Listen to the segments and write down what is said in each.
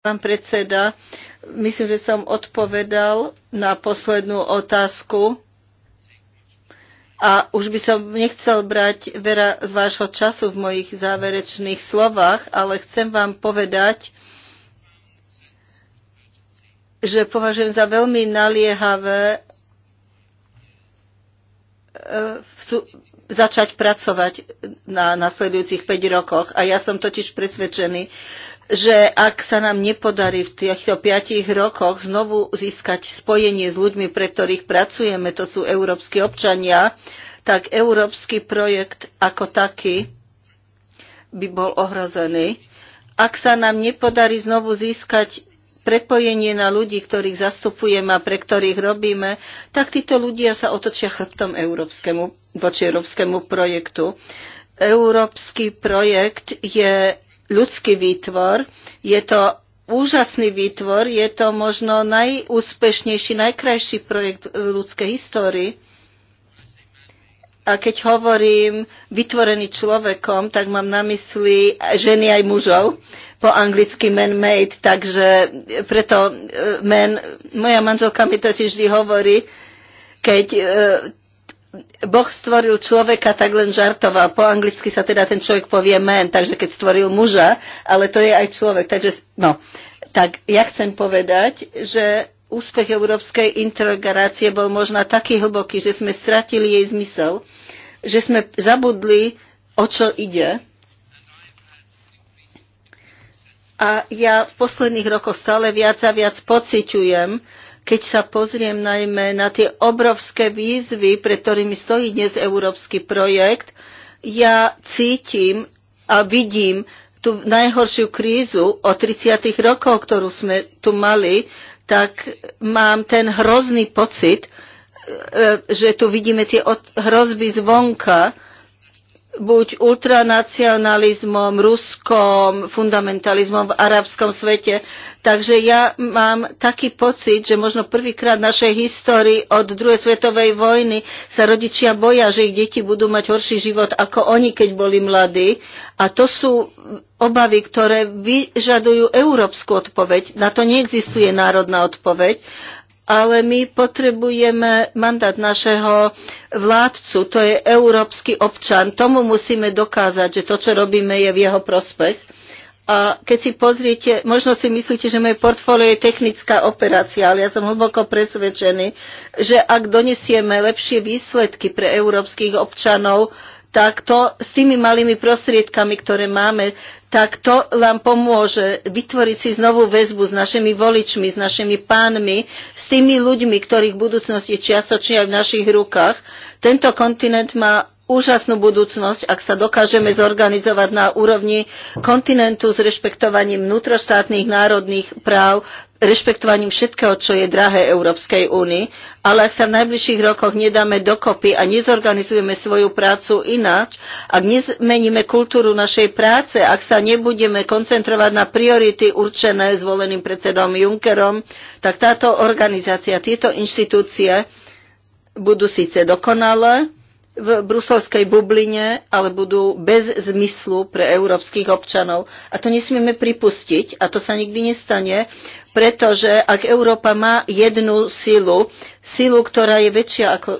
Pán predseda, myslím, že som odpovedal na poslednú otázku a už by som nechcel brať veľa z vášho času v mojich záverečných slovách, ale chcem vám povedať, že považujem za veľmi naliehavé eh, začať pracovať na nasledujúcich 5 rokoch. A ja som totiž presvedčený, že ak sa nám nepodarí v týchto 5 rokoch znovu získať spojenie s ľuďmi, pre ktorých pracujeme, to sú európsky občania, tak európsky projekt ako taký by bol ohrozený. Ak sa nám nepodarí znovu získať prepojenie na ľudí, ktorých zastupujeme a pre ktorých robíme, tak títo ľudia sa otočia chrbtom európskemu, voči európskemu projektu. Európsky projekt je ľudský výtvor, je to úžasný výtvor, je to možno najúspešnejší, najkrajší projekt v ľudskej histórii a keď hovorím vytvorený človekom, tak mám na mysli ženy aj mužov, po anglicky man-made, takže preto e, man, moja manželka mi totiž vždy hovorí, keď e, Boh stvoril človeka, tak len žartoval. Po anglicky sa teda ten človek povie man, takže keď stvoril muža, ale to je aj človek. Takže, no, tak ja chcem povedať, že úspech európskej integrácie bol možno taký hlboký, že sme stratili jej zmysel že sme zabudli, o čo ide. A ja v posledných rokoch stále viac a viac pociťujem, keď sa pozriem najmä na tie obrovské výzvy, pre ktorými stojí dnes európsky projekt, ja cítim a vidím tú najhoršiu krízu od 30. rokov, ktorú sme tu mali, tak mám ten hrozný pocit, E, že tu vidíme tie hrozby zvonka, buď ultranacionalizmom, ruskom, fundamentalizmom v arabskom svete. Takže ja mám taký pocit, že možno prvýkrát v našej histórii od druhej svetovej vojny sa rodičia boja, že ich deti budú mať horší život ako oni, keď boli mladí. A to sú obavy, ktoré vyžadujú európsku odpoveď. Na to neexistuje národná odpoveď ale my potrebujeme mandát našeho vládcu, to je európsky občan. Tomu musíme dokázať, že to, čo robíme, je v jeho prospech. A keď si pozriete, možno si myslíte, že moje portfólio je technická operácia, ale ja som hlboko presvedčený, že ak donesieme lepšie výsledky pre európskych občanov, tak to s tými malými prostriedkami, ktoré máme, tak to nám pomôže vytvoriť si znovu väzbu s našimi voličmi, s našimi pánmi, s tými ľuďmi, ktorých budúcnosť je čiastočne aj v našich rukách. Tento kontinent má úžasnú budúcnosť, ak sa dokážeme zorganizovať na úrovni kontinentu s rešpektovaním vnútroštátnych národných práv, rešpektovaním všetkého, čo je drahé Európskej únii, ale ak sa v najbližších rokoch nedáme dokopy a nezorganizujeme svoju prácu ináč, ak nezmeníme kultúru našej práce, ak sa nebudeme koncentrovať na priority určené zvoleným predsedom Junckerom, tak táto organizácia, tieto inštitúcie budú síce dokonalé, v bruselskej bubline, ale budú bez zmyslu pre európskych občanov. A to nesmieme pripustiť a to sa nikdy nestane, pretože ak Európa má jednu silu, silu, ktorá je väčšia ako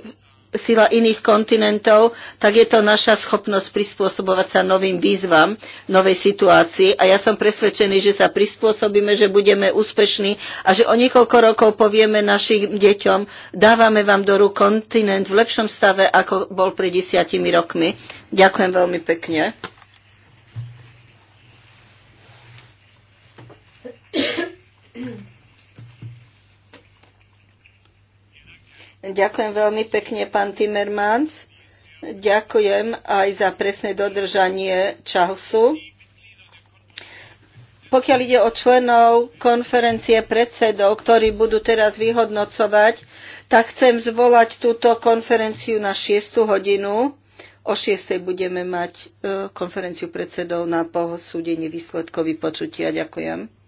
sila iných kontinentov, tak je to naša schopnosť prispôsobovať sa novým výzvam, novej situácii. A ja som presvedčený, že sa prispôsobíme, že budeme úspešní a že o niekoľko rokov povieme našim deťom, dávame vám do rúk kontinent v lepšom stave, ako bol pred desiatimi rokmi. Ďakujem veľmi pekne. Ďakujem veľmi pekne, pán Timmermans. Ďakujem aj za presné dodržanie času. Pokiaľ ide o členov konferencie predsedov, ktorí budú teraz vyhodnocovať, tak chcem zvolať túto konferenciu na 6. hodinu. O 6. budeme mať e, konferenciu predsedov na posúdenie výsledkov vypočutia. Ďakujem.